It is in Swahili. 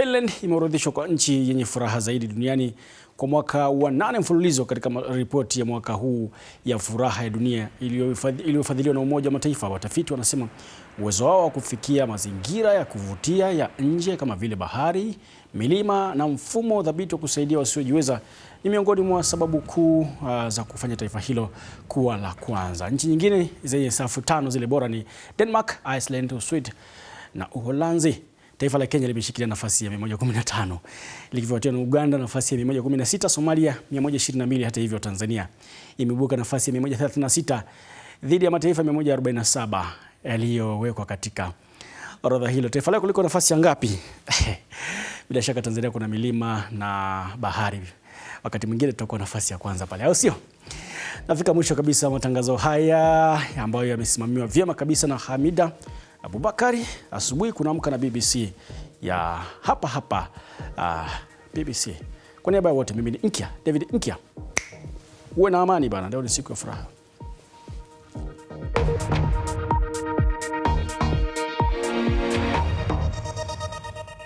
Finland imeorodheshwa kwa nchi yenye furaha zaidi duniani kwa mwaka wa nane mfululizo katika ripoti ya mwaka huu ya furaha ya dunia iliyofadhiliwa na Umoja wa Mataifa. Watafiti wanasema uwezo wao wa kufikia mazingira ya kuvutia ya nje kama vile bahari, milima na mfumo dhabiti wa kusaidia wasiojiweza ni miongoni mwa sababu kuu uh, za kufanya taifa hilo kuwa la kwanza. Nchi nyingine zenye safu tano zile bora ni Denmark, Iceland, Sweden na Uholanzi. Taifa la Kenya limeshikilia nafasi ya 115 likifuatiwa na Uganda nafasi ya 116, Somalia 122. Hata hivyo, Tanzania imebuka nafasi ya 136 dhidi ya mataifa 147 yaliyowekwa katika orodha hilo. Taifa lako liko nafasi ya ngapi? Bila shaka Tanzania kuna milima na bahari, wakati mwingine tutakuwa nafasi ya kwanza pale, au sio? Nafika mwisho kabisa matangazo haya ambayo yamesimamiwa vyema kabisa na Hamida Abubakari asubuhi kunaamka na BBC ya hapa hapa uh, ah, BBC. Kwa niaba ya wote mimi ni Nkya, David Nkya. Uwe na amani bana, leo ni siku ya furaha.